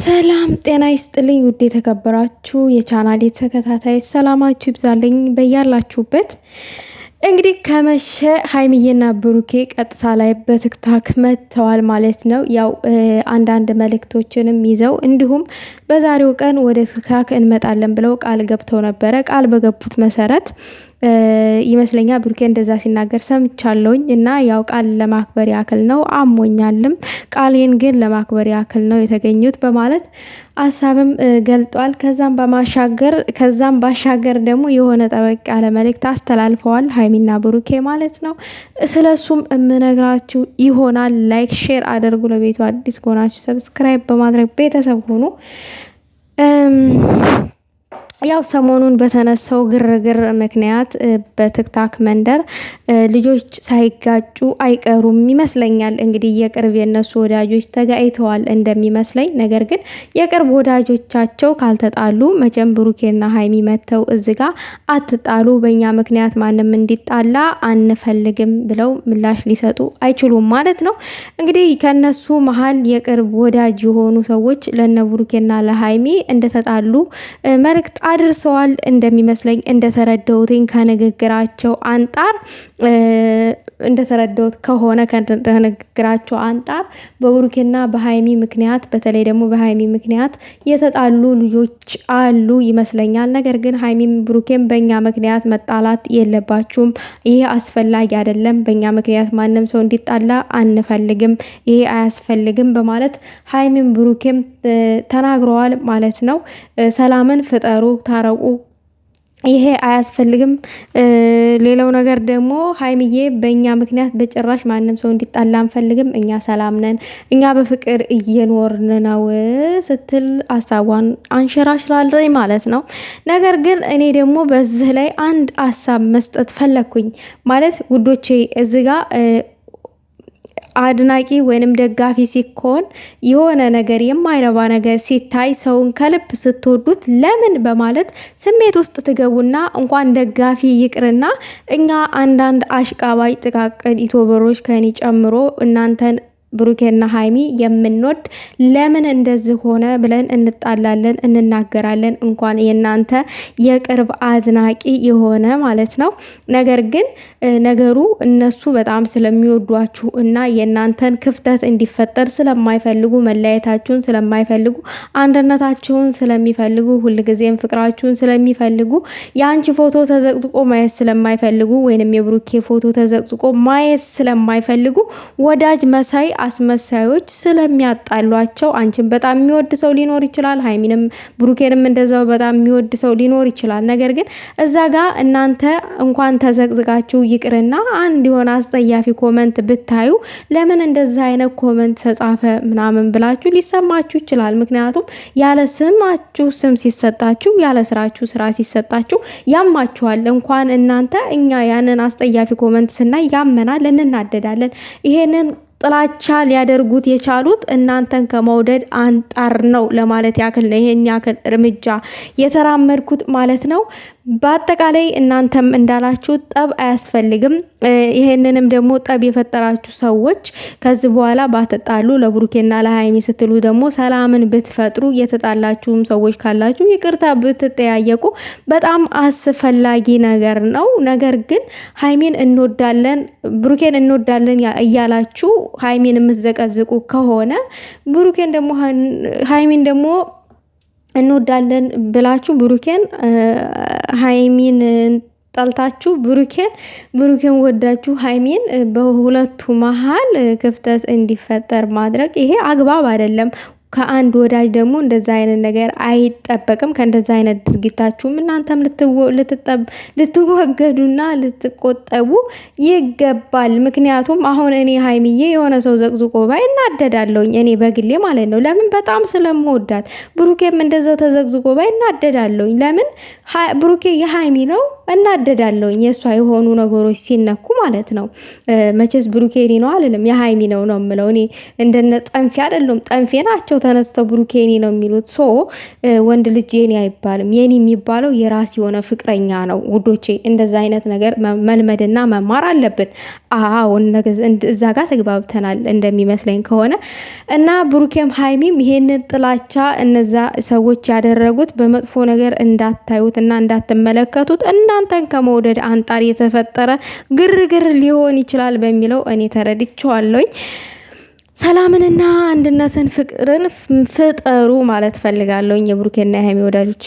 ሰላም ጤና ይስጥልኝ። ውድ የተከበራችሁ የቻናሌ ተከታታይ ሰላማችሁ ይብዛልኝ በያላችሁበት። እንግዲህ ከመሸ ሀይሚዬና ብሩኬ ቀጥታ ላይ በትክታክ መጥተዋል ማለት ነው። ያው አንዳንድ መልእክቶችንም ይዘው እንዲሁም በዛሬው ቀን ወደ ትክታክ እንመጣለን ብለው ቃል ገብተው ነበረ። ቃል በገቡት መሰረት ይመስለኛል ብሩኬ እንደዛ ሲናገር ሰምቻለውኝ። እና ያው ቃል ለማክበር ያክል ነው አሞኛልም፣ ቃሌን ግን ለማክበር ያክል ነው የተገኙት በማለት አሳብም ገልጧል። ከዛም በማሻገር ከዛም ባሻገር ደግሞ የሆነ ጠበቅ ያለ መልእክት አስተላልፈዋል ሀይሚና ብሩኬ ማለት ነው። ስለሱም የምነግራችሁ ይሆናል። ላይክ ሼር አድርጉ። ለቤቱ አዲስ ከሆናችሁ ሰብስክራይብ በማድረግ ቤተሰብ ሆኑ። ያው ሰሞኑን በተነሳው ግርግር ምክንያት በትክታክ መንደር ልጆች ሳይጋጩ አይቀሩም ይመስለኛል። እንግዲህ የቅርብ የነሱ ወዳጆች ተጋይተዋል እንደሚመስለኝ። ነገር ግን የቅርብ ወዳጆቻቸው ካልተጣሉ መቼም ብሩኬና ሀይሚ መተው እዚጋ ጋ አትጣሉ፣ በእኛ ምክንያት ማንም እንዲጣላ አንፈልግም ብለው ምላሽ ሊሰጡ አይችሉም ማለት ነው። እንግዲህ ከነሱ መሀል የቅርብ ወዳጅ የሆኑ ሰዎች ለነ ብሩኬና ለሀይሚ እንደተጣሉ መልእክት አድርሰዋል እንደሚመስለኝ እንደተረዳሁትኝ ከንግግራቸው አንጣር እንደተረዳሁት ከሆነ ከንግግራቸው አንጣር በብሩኬና በሀይሚ ምክንያት በተለይ ደግሞ በሀይሚ ምክንያት የተጣሉ ልጆች አሉ ይመስለኛል። ነገር ግን ሀይሚም ብሩኬም በእኛ ምክንያት መጣላት የለባችሁም፣ ይሄ አስፈላጊ አይደለም፣ በእኛ ምክንያት ማንም ሰው እንዲጣላ አንፈልግም፣ ይሄ አያስፈልግም በማለት ሀይሚም ብሩኬም ተናግረዋል ማለት ነው። ሰላምን ፍጠሩ ታረቁ ይሄ አያስፈልግም። ሌላው ነገር ደግሞ ሀይምዬ በእኛ ምክንያት በጭራሽ ማንም ሰው እንዲጣላ አንፈልግም። እኛ ሰላም ነን፣ እኛ በፍቅር እየኖርን ነው ስትል አሳቧን አንሸራሽራለች ማለት ነው። ነገር ግን እኔ ደግሞ በዚህ ላይ አንድ አሳብ መስጠት ፈለግኩኝ ማለት ውዶቼ እዚህ ጋ አድናቂ ወይንም ደጋፊ ሲኮን የሆነ ነገር የማይረባ ነገር ሲታይ ሰውን ከልብ ስትወዱት ለምን በማለት ስሜት ውስጥ ትገቡና እንኳን ደጋፊ ይቅርና እኛ አንዳንድ አሽቃባጭ ጥቃቅን ኢትዮበሮች ከኔ ጨምሮ እናንተን ብሩኬና ሀይሚ የምንወድ ለምን እንደዚህ ሆነ ብለን እንጣላለን፣ እንናገራለን። እንኳን የእናንተ የቅርብ አድናቂ የሆነ ማለት ነው። ነገር ግን ነገሩ እነሱ በጣም ስለሚወዷችሁ እና የእናንተን ክፍተት እንዲፈጠር ስለማይፈልጉ፣ መለያየታችሁን ስለማይፈልጉ፣ አንድነታችሁን ስለሚፈልጉ፣ ሁልጊዜም ፍቅራችሁን ስለሚፈልጉ፣ የአንቺ ፎቶ ተዘቅዝቆ ማየት ስለማይፈልጉ፣ ወይንም የብሩኬ ፎቶ ተዘቅዝቆ ማየት ስለማይፈልጉ ወዳጅ መሳይ አስመሳዮች ስለሚያጣሏቸው አንቺን በጣም የሚወድ ሰው ሊኖር ይችላል፣ ሀይሚንም ብሩኬንም እንደዛው በጣም የሚወድ ሰው ሊኖር ይችላል። ነገር ግን እዛ ጋ እናንተ እንኳን ተዘቅዝቃችሁ ይቅርና አንድ የሆነ አስጠያፊ ኮመንት ብታዩ ለምን እንደዛ አይነት ኮመንት ተጻፈ ምናምን ብላችሁ ሊሰማችሁ ይችላል። ምክንያቱም ያለ ስማችሁ ስም ሲሰጣችሁ ያለ ስራችሁ ስራ ሲሰጣችሁ ያማችኋል። እንኳን እናንተ እኛ ያንን አስጠያፊ ኮመንት ስናይ ያመናል፣ እንናደዳለን። ይሄንን ጥላቻ ሊያደርጉት የቻሉት እናንተን ከመውደድ አንጣር ነው ለማለት ያክል ነው። ይሄን ያክል እርምጃ የተራመድኩት ማለት ነው። በአጠቃላይ እናንተም እንዳላችሁ ጠብ አያስፈልግም። ይህንንም ደግሞ ጠብ የፈጠራችሁ ሰዎች ከዚህ በኋላ ባትጣሉ፣ ለብሩኬና ለሀይሚ ስትሉ ደግሞ ሰላምን ብትፈጥሩ፣ የተጣላችሁም ሰዎች ካላችሁ ይቅርታ ብትጠያየቁ በጣም አስፈላጊ ነገር ነው። ነገር ግን ሀይሚን እንወዳለን ብሩኬን እንወዳለን እያላችሁ ሀይሚን የምትዘቀዝቁ ከሆነ ብሩኬን ደግሞ ሀይሚን ደግሞ እንወዳለን ብላችሁ ብሩኬን ሀይሚን ጠልታችሁ ብሩኬን ብሩኬን ወዳችሁ ሀይሚን በሁለቱ መሀል ክፍተት እንዲፈጠር ማድረግ ይሄ አግባብ አይደለም። ከአንድ ወዳጅ ደግሞ እንደዛ አይነት ነገር አይጠበቅም። ከእንደዛ አይነት ድርጊታችሁም እናንተም ልትወገዱና ልትቆጠቡ ይገባል። ምክንያቱም አሁን እኔ ሀይሚዬ የሆነ ሰው ዘቅዝቆ ባይ እናደዳለሁኝ እኔ በግሌ ማለት ነው። ለምን በጣም ስለምወዳት ብሩኬም እንደዛው ተዘቅዝቆ ባይ እናደዳለሁኝ። ለምን ብሩኬ የሀይሚ ነው እናደዳለሁኝ። የእሷ የሆኑ ነገሮች ሲነኩ ማለት ነው። መቼስ ብሩኬ እኔ ነው አልልም የሀይሚ ነው ነው የምለው እኔ እንደነ ጠንፌ አይደለም ጠንፌ ናቸው ተነስተው ብሩኬ የኔ ነው የሚሉት። ሶ ወንድ ልጅ የኔ አይባልም። የኔ የሚባለው የራስ የሆነ ፍቅረኛ ነው ውዶቼ። እንደዛ አይነት ነገር መልመድና መማር አለብን። አዎ እዛ ጋር ተግባብተናል እንደሚመስለኝ ከሆነ እና ብሩኬም ሀይሚም ይሄንን ጥላቻ እነዛ ሰዎች ያደረጉት በመጥፎ ነገር እንዳታዩት እና እንዳትመለከቱት እናንተን ከመውደድ አንጣር የተፈጠረ ግርግር ሊሆን ይችላል በሚለው እኔ ተረድቼዋለሁኝ። ሰላምንና አንድነትን ፍቅርን ፍጠሩ ማለት ፈልጋለሁ የብሩኬና የሀይሚ ወዳጆች።